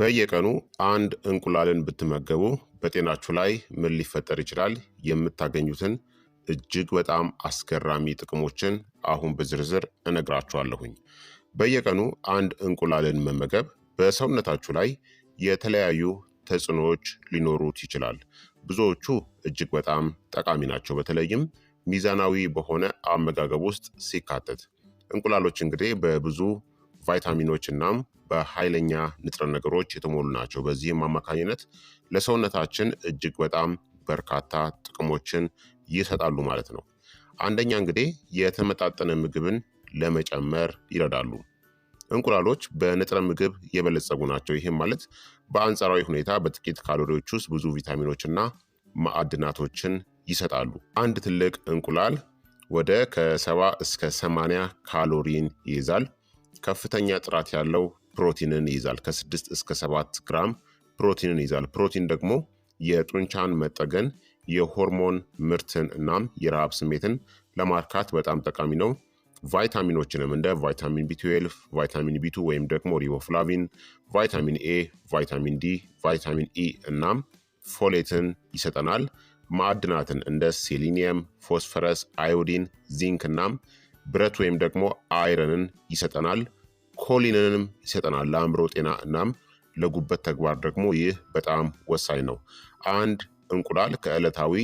በየቀኑ አንድ እንቁላልን ብትመገቡ በጤናችሁ ላይ ምን ሊፈጠር ይችላል? የምታገኙትን እጅግ በጣም አስገራሚ ጥቅሞችን አሁን በዝርዝር እነግራችኋለሁኝ። በየቀኑ አንድ እንቁላልን መመገብ በሰውነታችሁ ላይ የተለያዩ ተጽዕኖዎች ሊኖሩት ይችላል። ብዙዎቹ እጅግ በጣም ጠቃሚ ናቸው፣ በተለይም ሚዛናዊ በሆነ አመጋገብ ውስጥ ሲካተት። እንቁላሎች እንግዲህ በብዙ ቫይታሚኖች እናም በኃይለኛ ንጥረ ነገሮች የተሞሉ ናቸው። በዚህም አማካኝነት ለሰውነታችን እጅግ በጣም በርካታ ጥቅሞችን ይሰጣሉ ማለት ነው። አንደኛ እንግዲህ የተመጣጠነ ምግብን ለመጨመር ይረዳሉ። እንቁላሎች በንጥረ ምግብ የበለጸጉ ናቸው። ይህም ማለት በአንጻራዊ ሁኔታ በጥቂት ካሎሪዎች ውስጥ ብዙ ቪታሚኖችና ማዕድናቶችን ይሰጣሉ። አንድ ትልቅ እንቁላል ወደ ከሰባ እስከ ሰማንያ ካሎሪን ይይዛል። ከፍተኛ ጥራት ያለው ፕሮቲንን ይይዛል። ከ ከ6 እስከ 7 ግራም ፕሮቲንን ይይዛል። ፕሮቲን ደግሞ የጡንቻን መጠገን፣ የሆርሞን ምርትን እናም የረሃብ ስሜትን ለማርካት በጣም ጠቃሚ ነው። ቫይታሚኖችንም እንደ ቫይታሚን ቢ12፣ ቫይታሚን ቢ2 ወይም ደግሞ ሪቦፍላቪን፣ ቫይታሚን ኤ፣ ቫይታሚን ዲ፣ ቫይታሚን ኢ እናም ፎሌትን ይሰጠናል። ማዕድናትን እንደ ሴሊኒየም፣ ፎስፈረስ፣ አዮዲን፣ ዚንክ እናም ብረት ወይም ደግሞ አይረንን ይሰጠናል። ኮሊንንም ይሰጠናል። ለአእምሮ ጤና እናም ለጉበት ተግባር ደግሞ ይህ በጣም ወሳኝ ነው። አንድ እንቁላል ከዕለታዊ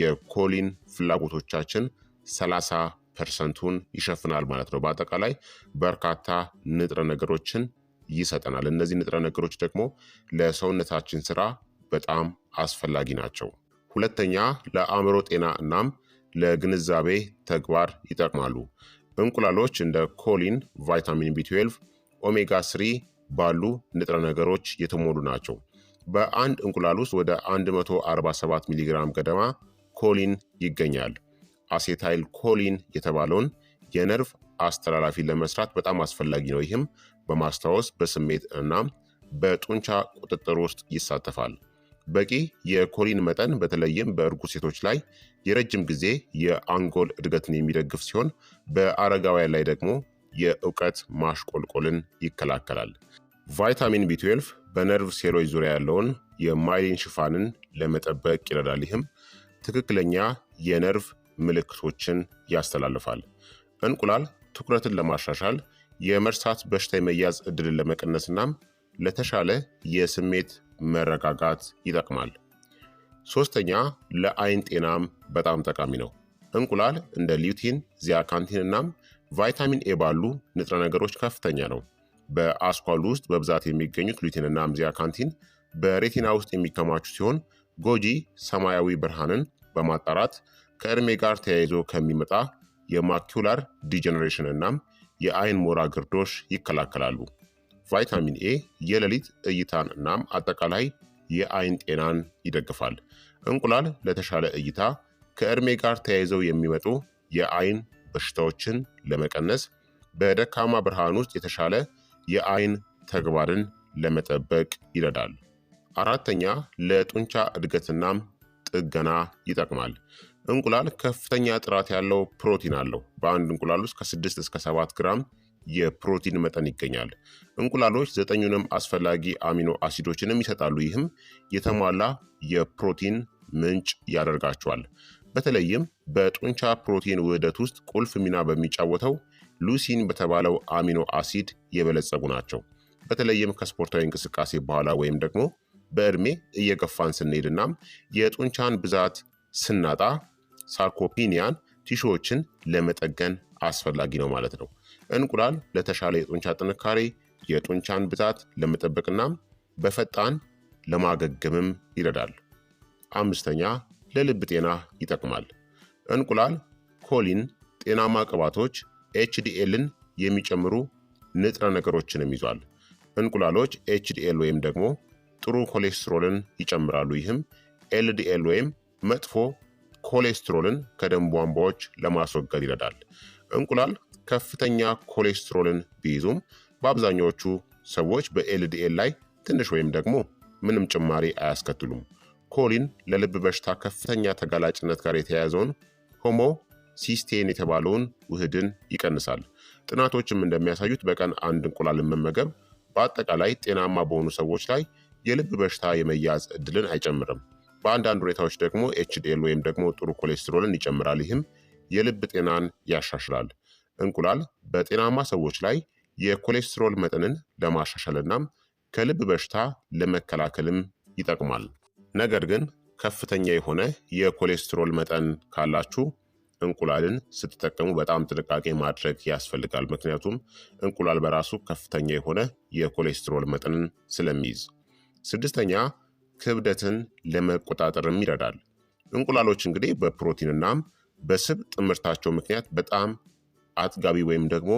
የኮሊን ፍላጎቶቻችን 30 ፐርሰንቱን ይሸፍናል ማለት ነው። በአጠቃላይ በርካታ ንጥረ ነገሮችን ይሰጠናል። እነዚህ ንጥረ ነገሮች ደግሞ ለሰውነታችን ስራ በጣም አስፈላጊ ናቸው። ሁለተኛ ለአእምሮ ጤና እናም ለግንዛቤ ተግባር ይጠቅማሉ። እንቁላሎች እንደ ኮሊን፣ ቫይታሚን ቢ12፣ ኦሜጋ 3 ባሉ ንጥረ ነገሮች የተሞሉ ናቸው። በአንድ እንቁላል ውስጥ ወደ 147 ሚሊግራም ገደማ ኮሊን ይገኛል። አሴታይል ኮሊን የተባለውን የነርቭ አስተላላፊ ለመስራት በጣም አስፈላጊ ነው። ይህም በማስታወስ በስሜት እና በጡንቻ ቁጥጥር ውስጥ ይሳተፋል። በቂ የኮሊን መጠን በተለይም በእርጉዝ ሴቶች ላይ የረጅም ጊዜ የአንጎል እድገትን የሚደግፍ ሲሆን በአረጋውያን ላይ ደግሞ የእውቀት ማሽቆልቆልን ይከላከላል። ቫይታሚን ቢ12 በነርቭ ሴሎች ዙሪያ ያለውን የማይሊን ሽፋንን ለመጠበቅ ይረዳል። ይህም ትክክለኛ የነርቭ ምልክቶችን ያስተላልፋል። እንቁላል ትኩረትን ለማሻሻል የመርሳት በሽታ የመያዝ እድልን ለመቀነስናም ለተሻለ የስሜት መረጋጋት ይጠቅማል። ሶስተኛ ለአይን ጤናም በጣም ጠቃሚ ነው። እንቁላል እንደ ሊዩቲን፣ ዚያካንቲን እናም ቫይታሚን ኤ ባሉ ንጥረ ነገሮች ከፍተኛ ነው። በአስኳሉ ውስጥ በብዛት የሚገኙት ሊዩቲን እናም ዚያካንቲን በሬቲና ውስጥ የሚከማቹ ሲሆን ጎጂ ሰማያዊ ብርሃንን በማጣራት ከእድሜ ጋር ተያይዞ ከሚመጣ የማኪላር ዲጀነሬሽን እናም የአይን ሞራ ግርዶሽ ይከላከላሉ። ቫይታሚን ኤ የሌሊት እይታን እናም አጠቃላይ የአይን ጤናን ይደግፋል። እንቁላል ለተሻለ እይታ፣ ከእድሜ ጋር ተያይዘው የሚመጡ የአይን በሽታዎችን ለመቀነስ፣ በደካማ ብርሃን ውስጥ የተሻለ የአይን ተግባርን ለመጠበቅ ይረዳል። አራተኛ ለጡንቻ እድገትናም ጥገና ይጠቅማል። እንቁላል ከፍተኛ ጥራት ያለው ፕሮቲን አለው። በአንድ እንቁላል ውስጥ ከ6 እስከ 7 ግራም የፕሮቲን መጠን ይገኛል። እንቁላሎች ዘጠኙንም አስፈላጊ አሚኖ አሲዶችንም ይሰጣሉ። ይህም የተሟላ የፕሮቲን ምንጭ ያደርጋቸዋል። በተለይም በጡንቻ ፕሮቲን ውህደት ውስጥ ቁልፍ ሚና በሚጫወተው ሉሲን በተባለው አሚኖ አሲድ የበለጸጉ ናቸው። በተለይም ከስፖርታዊ እንቅስቃሴ በኋላ ወይም ደግሞ በእድሜ እየገፋን ስንሄድ እናም የጡንቻን ብዛት ስናጣ ሳርኮፒኒያን ቲሾዎችን ለመጠገን አስፈላጊ ነው ማለት ነው። እንቁላል ለተሻለ የጡንቻ ጥንካሬ፣ የጡንቻን ብዛት ለመጠበቅና በፈጣን ለማገገምም ይረዳል። አምስተኛ ለልብ ጤና ይጠቅማል። እንቁላል ኮሊን፣ ጤናማ ቅባቶች፣ ኤችዲኤልን የሚጨምሩ ንጥረ ነገሮችንም ይዟል። እንቁላሎች ኤችዲኤል ወይም ደግሞ ጥሩ ኮሌስትሮልን ይጨምራሉ። ይህም ኤልዲኤል ወይም መጥፎ ኮሌስትሮልን ከደም ቧንቧዎች ለማስወገድ ይረዳል። እንቁላል ከፍተኛ ኮሌስትሮልን ቢይዙም በአብዛኛዎቹ ሰዎች በኤልዲኤል ላይ ትንሽ ወይም ደግሞ ምንም ጭማሪ አያስከትሉም። ኮሊን ለልብ በሽታ ከፍተኛ ተጋላጭነት ጋር የተያያዘውን ሆሞ ሲስቴን የተባለውን ውህድን ይቀንሳል። ጥናቶችም እንደሚያሳዩት በቀን አንድ እንቁላልን መመገብ በአጠቃላይ ጤናማ በሆኑ ሰዎች ላይ የልብ በሽታ የመያዝ እድልን አይጨምርም። በአንዳንድ ሁኔታዎች ደግሞ ኤችዲኤል ወይም ደግሞ ጥሩ ኮሌስትሮልን ይጨምራል። ይህም የልብ ጤናን ያሻሽላል። እንቁላል በጤናማ ሰዎች ላይ የኮሌስትሮል መጠንን ለማሻሻል እናም ከልብ በሽታ ለመከላከልም ይጠቅማል። ነገር ግን ከፍተኛ የሆነ የኮሌስትሮል መጠን ካላችሁ እንቁላልን ስትጠቀሙ በጣም ጥንቃቄ ማድረግ ያስፈልጋል። ምክንያቱም እንቁላል በራሱ ከፍተኛ የሆነ የኮሌስትሮል መጠንን ስለሚይዝ። ስድስተኛ ክብደትን ለመቆጣጠርም ይረዳል። እንቁላሎች እንግዲህ በፕሮቲንናም በስብ ጥምርታቸው ምክንያት በጣም አጥጋቢ ወይም ደግሞ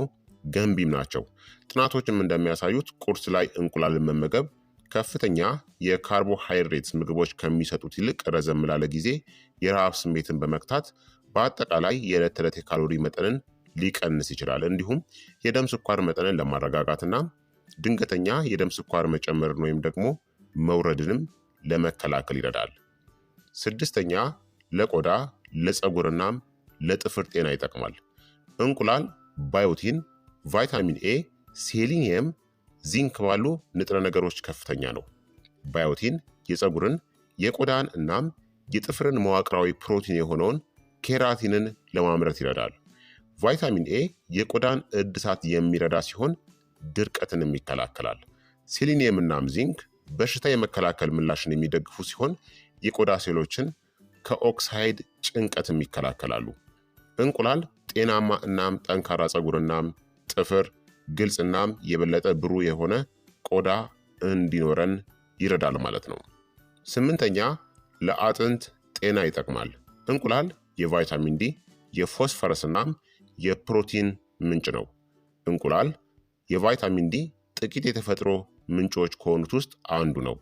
ገንቢም ናቸው። ጥናቶችም እንደሚያሳዩት ቁርስ ላይ እንቁላልን መመገብ ከፍተኛ የካርቦሃይድሬት ምግቦች ከሚሰጡት ይልቅ ረዘም ላለ ጊዜ የረሃብ ስሜትን በመክታት በአጠቃላይ የዕለት ተዕለት የካሎሪ መጠንን ሊቀንስ ይችላል። እንዲሁም የደም ስኳር መጠንን ለማረጋጋትና ድንገተኛ የደም ስኳር መጨመርን ወይም ደግሞ መውረድንም ለመከላከል ይረዳል። ስድስተኛ ለቆዳ ለፀጉርናም ለጥፍር ጤና ይጠቅማል። እንቁላል ባዮቲን፣ ቫይታሚን ኤ፣ ሴሊኒየም፣ ዚንክ ባሉ ንጥረ ነገሮች ከፍተኛ ነው። ባዮቲን የፀጉርን የቆዳን እናም የጥፍርን መዋቅራዊ ፕሮቲን የሆነውን ኬራቲንን ለማምረት ይረዳል። ቫይታሚን ኤ የቆዳን እድሳት የሚረዳ ሲሆን ድርቀትንም ይከላከላል። ሴሊኒየም እናም ዚንክ በሽታ የመከላከል ምላሽን የሚደግፉ ሲሆን የቆዳ ሴሎችን ከኦክሳይድ ጭንቀትም ይከላከላሉ። እንቁላል ጤናማ እናም ጠንካራ ፀጉርናም እናም ጥፍር፣ ግልጽ እናም የበለጠ ብሩ የሆነ ቆዳ እንዲኖረን ይረዳል ማለት ነው። ስምንተኛ ለአጥንት ጤና ይጠቅማል። እንቁላል የቫይታሚን ዲ የፎስፈረስ እናም የፕሮቲን ምንጭ ነው። እንቁላል የቫይታሚን ዲ ጥቂት የተፈጥሮ ምንጮች ከሆኑት ውስጥ አንዱ ነው።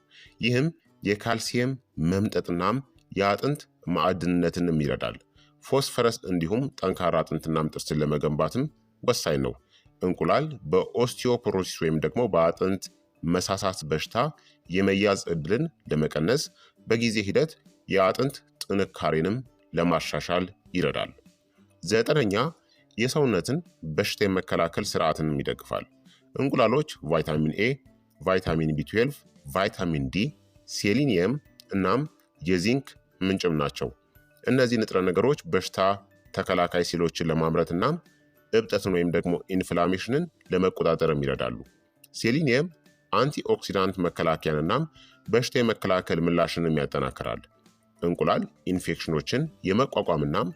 ይህም የካልሲየም መምጠጥናም የአጥንት ማዕድንነትንም ይረዳል። ፎስፈረስ እንዲሁም ጠንካራ አጥንትናም ጥርስን ለመገንባትም ወሳኝ ነው። እንቁላል በኦስቲዮፖሮሲስ ወይም ደግሞ በአጥንት መሳሳት በሽታ የመያዝ እድልን ለመቀነስ በጊዜ ሂደት የአጥንት ጥንካሬንም ለማሻሻል ይረዳል። ዘጠነኛ የሰውነትን በሽታ የመከላከል ስርዓትንም ይደግፋል። እንቁላሎች ቫይታሚን ኤ፣ ቫይታሚን ቢ12፣ ቫይታሚን ዲ፣ ሴሊኒየም እናም የዚንክ ምንጭም ናቸው። እነዚህ ንጥረ ነገሮች በሽታ ተከላካይ ሴሎችን ለማምረት እናም እብጠትን ወይም ደግሞ ኢንፍላሜሽንን ለመቆጣጠርም ይረዳሉ። ሴሊኒየም አንቲኦክሲዳንት መከላከያን እናም በሽታ የመከላከል ምላሽንም ያጠናክራል። እንቁላል ኢንፌክሽኖችን የመቋቋምናም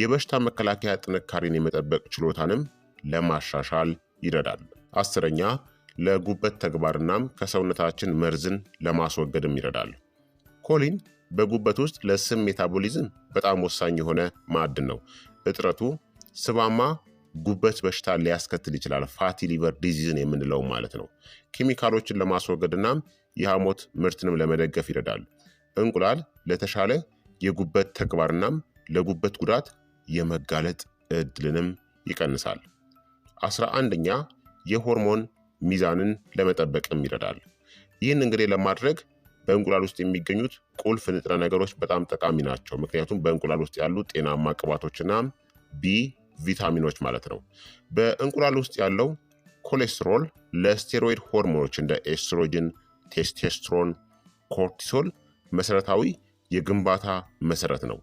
የበሽታ መከላከያ ጥንካሬን የመጠበቅ ችሎታንም ለማሻሻል ይረዳል። አስረኛ ለጉበት ተግባርናም ከሰውነታችን መርዝን ለማስወገድም ይረዳል። ኮሊን በጉበት ውስጥ ለስብ ሜታቦሊዝም በጣም ወሳኝ የሆነ ማዕድን ነው። እጥረቱ ስባማ ጉበት በሽታ ሊያስከትል ይችላል። ፋቲ ሊቨር ዲዚዝን የምንለው ማለት ነው። ኬሚካሎችን ለማስወገድና የሐሞት ምርትንም ለመደገፍ ይረዳል። እንቁላል ለተሻለ የጉበት ተግባርናም ለጉበት ጉዳት የመጋለጥ እድልንም ይቀንሳል። አስራ አንደኛ የሆርሞን ሚዛንን ለመጠበቅም ይረዳል። ይህን እንግዲህ ለማድረግ በእንቁላል ውስጥ የሚገኙት ቁልፍ ንጥረ ነገሮች በጣም ጠቃሚ ናቸው። ምክንያቱም በእንቁላል ውስጥ ያሉ ጤናማ ቅባቶችና ቢ ቪታሚኖች ማለት ነው። በእንቁላል ውስጥ ያለው ኮሌስትሮል ለስቴሮይድ ሆርሞኖች እንደ ኤስትሮጅን፣ ቴስቴስትሮን፣ ኮርቲሶል መሰረታዊ የግንባታ መሰረት ነው።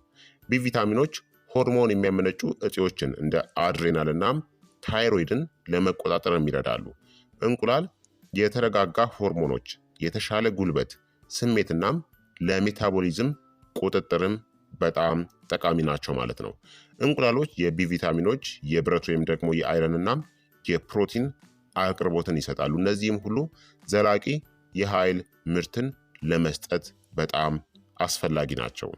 ቢ ቪታሚኖች ሆርሞን የሚያመነጩ እጢዎችን እንደ አድሬናል እና ታይሮይድን ለመቆጣጠርም ይረዳሉ። እንቁላል የተረጋጋ ሆርሞኖች፣ የተሻለ ጉልበት፣ ስሜትናም ለሜታቦሊዝም ቁጥጥርም በጣም ጠቃሚ ናቸው ማለት ነው። እንቁላሎች የቢ ቪታሚኖች፣ የብረት ወይም ደግሞ የአይረንና የፕሮቲን አቅርቦትን ይሰጣሉ። እነዚህም ሁሉ ዘላቂ የኃይል ምርትን ለመስጠት በጣም አስፈላጊ ናቸው።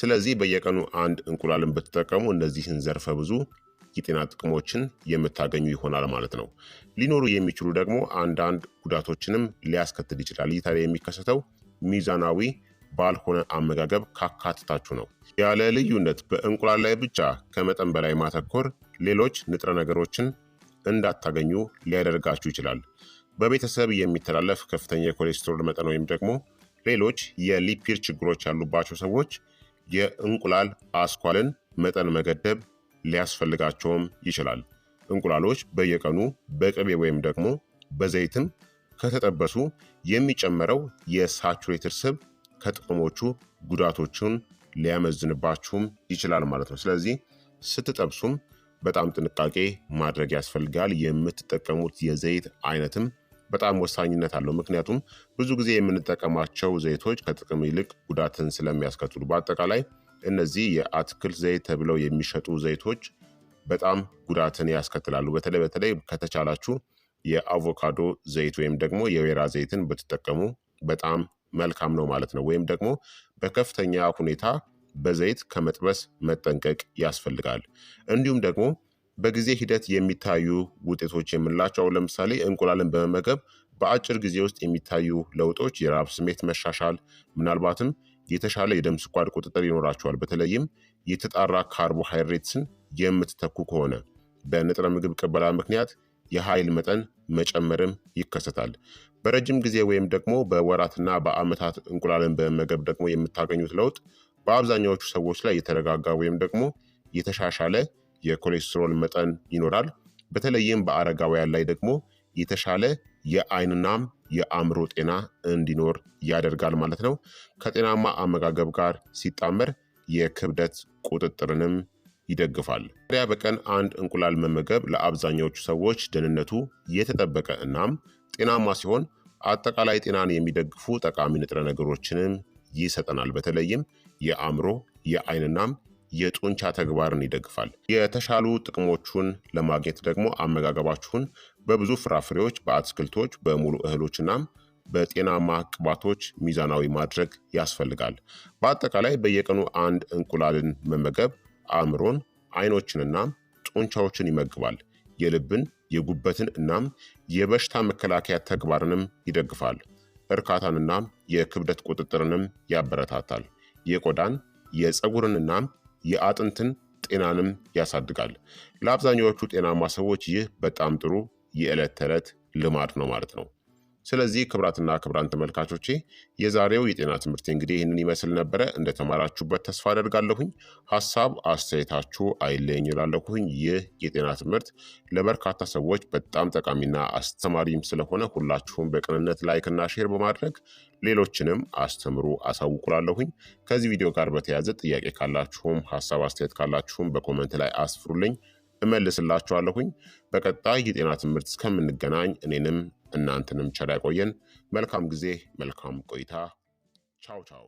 ስለዚህ በየቀኑ አንድ እንቁላልን ብትጠቀሙ እነዚህን ዘርፈ ብዙ የጤና ጥቅሞችን የምታገኙ ይሆናል ማለት ነው። ሊኖሩ የሚችሉ ደግሞ አንዳንድ ጉዳቶችንም ሊያስከትል ይችላል። ይህ ታዲያ የሚከሰተው ሚዛናዊ ባልሆነ አመጋገብ ካካትታችሁ ነው። ያለ ልዩነት በእንቁላል ላይ ብቻ ከመጠን በላይ ማተኮር ሌሎች ንጥረ ነገሮችን እንዳታገኙ ሊያደርጋችሁ ይችላል። በቤተሰብ የሚተላለፍ ከፍተኛ የኮሌስትሮል መጠን ወይም ደግሞ ሌሎች የሊፒድ ችግሮች ያሉባቸው ሰዎች የእንቁላል አስኳልን መጠን መገደብ ሊያስፈልጋቸውም ይችላል። እንቁላሎች በየቀኑ በቅቤ ወይም ደግሞ በዘይትም ከተጠበሱ የሚጨምረው የሳቹሬትድ ስብ ከጥቅሞቹ ጉዳቶቹን ሊያመዝንባችሁም ይችላል ማለት ነው። ስለዚህ ስትጠብሱም በጣም ጥንቃቄ ማድረግ ያስፈልጋል። የምትጠቀሙት የዘይት አይነትም በጣም ወሳኝነት አለው። ምክንያቱም ብዙ ጊዜ የምንጠቀማቸው ዘይቶች ከጥቅም ይልቅ ጉዳትን ስለሚያስከትሉ፣ በአጠቃላይ እነዚህ የአትክልት ዘይት ተብለው የሚሸጡ ዘይቶች በጣም ጉዳትን ያስከትላሉ። በተለይ በተለይ ከተቻላችሁ የአቮካዶ ዘይት ወይም ደግሞ የወይራ ዘይትን ብትጠቀሙ በጣም መልካም ነው ማለት ነው። ወይም ደግሞ በከፍተኛ ሁኔታ በዘይት ከመጥበስ መጠንቀቅ ያስፈልጋል። እንዲሁም ደግሞ በጊዜ ሂደት የሚታዩ ውጤቶች የምንላቸው ለምሳሌ እንቁላልን በመመገብ በአጭር ጊዜ ውስጥ የሚታዩ ለውጦች የራብ ስሜት መሻሻል፣ ምናልባትም የተሻለ የደም ስኳር ቁጥጥር ይኖራቸዋል። በተለይም የተጣራ ካርቦሃይድሬትስን የምትተኩ ከሆነ በንጥረ ምግብ ቅበላ ምክንያት የኃይል መጠን መጨመርም ይከሰታል። በረጅም ጊዜ ወይም ደግሞ በወራትና በዓመታት እንቁላልን በመመገብ ደግሞ የምታገኙት ለውጥ በአብዛኛዎቹ ሰዎች ላይ የተረጋጋ ወይም ደግሞ የተሻሻለ የኮሌስትሮል መጠን ይኖራል። በተለይም በአረጋውያን ላይ ደግሞ የተሻለ የአይንናም የአእምሮ ጤና እንዲኖር ያደርጋል ማለት ነው። ከጤናማ አመጋገብ ጋር ሲጣመር የክብደት ቁጥጥርንም ይደግፋል። ታዲያ በቀን አንድ እንቁላል መመገብ ለአብዛኛዎቹ ሰዎች ደህንነቱ የተጠበቀ እናም ጤናማ ሲሆን አጠቃላይ ጤናን የሚደግፉ ጠቃሚ ንጥረ ነገሮችንም ይሰጠናል። በተለይም የአእምሮ የአይንናም የጡንቻ ተግባርን ይደግፋል። የተሻሉ ጥቅሞቹን ለማግኘት ደግሞ አመጋገባችሁን በብዙ ፍራፍሬዎች፣ በአትክልቶች፣ በሙሉ እህሎችናም በጤናማ ቅባቶች ሚዛናዊ ማድረግ ያስፈልጋል። በአጠቃላይ በየቀኑ አንድ እንቁላልን መመገብ አእምሮን፣ አይኖችንና ጡንቻዎችን ይመግባል። የልብን፣ የጉበትን እናም የበሽታ መከላከያ ተግባርንም ይደግፋል። እርካታንና የክብደት ቁጥጥርንም ያበረታታል። የቆዳን፣ የፀጉርንና የአጥንትን ጤናንም ያሳድጋል። ለአብዛኛዎቹ ጤናማ ሰዎች ይህ በጣም ጥሩ የዕለት ተዕለት ልማድ ነው ማለት ነው። ስለዚህ ክብራትና ክብራን ተመልካቾቼ የዛሬው የጤና ትምህርት እንግዲህ ይህንን ይመስል ነበረ። እንደተማራችሁበት ተስፋ አደርጋለሁኝ። ሀሳብ አስተያየታችሁ አይለኝ ይላለሁኝ። ይህ የጤና ትምህርት ለበርካታ ሰዎች በጣም ጠቃሚና አስተማሪም ስለሆነ ሁላችሁም በቅንነት ላይክና ሼር በማድረግ ሌሎችንም አስተምሩ አሳውቁላለሁኝ። ከዚህ ቪዲዮ ጋር በተያያዘ ጥያቄ ካላችሁም ሀሳብ አስተያየት ካላችሁም በኮመንት ላይ አስፍሩልኝ እመልስላችኋለሁኝ። በቀጣይ የጤና ትምህርት እስከምንገናኝ እኔንም እናንተንም ቸር ያቆየን። መልካም ጊዜ፣ መልካም ቆይታ። ቻው ቻው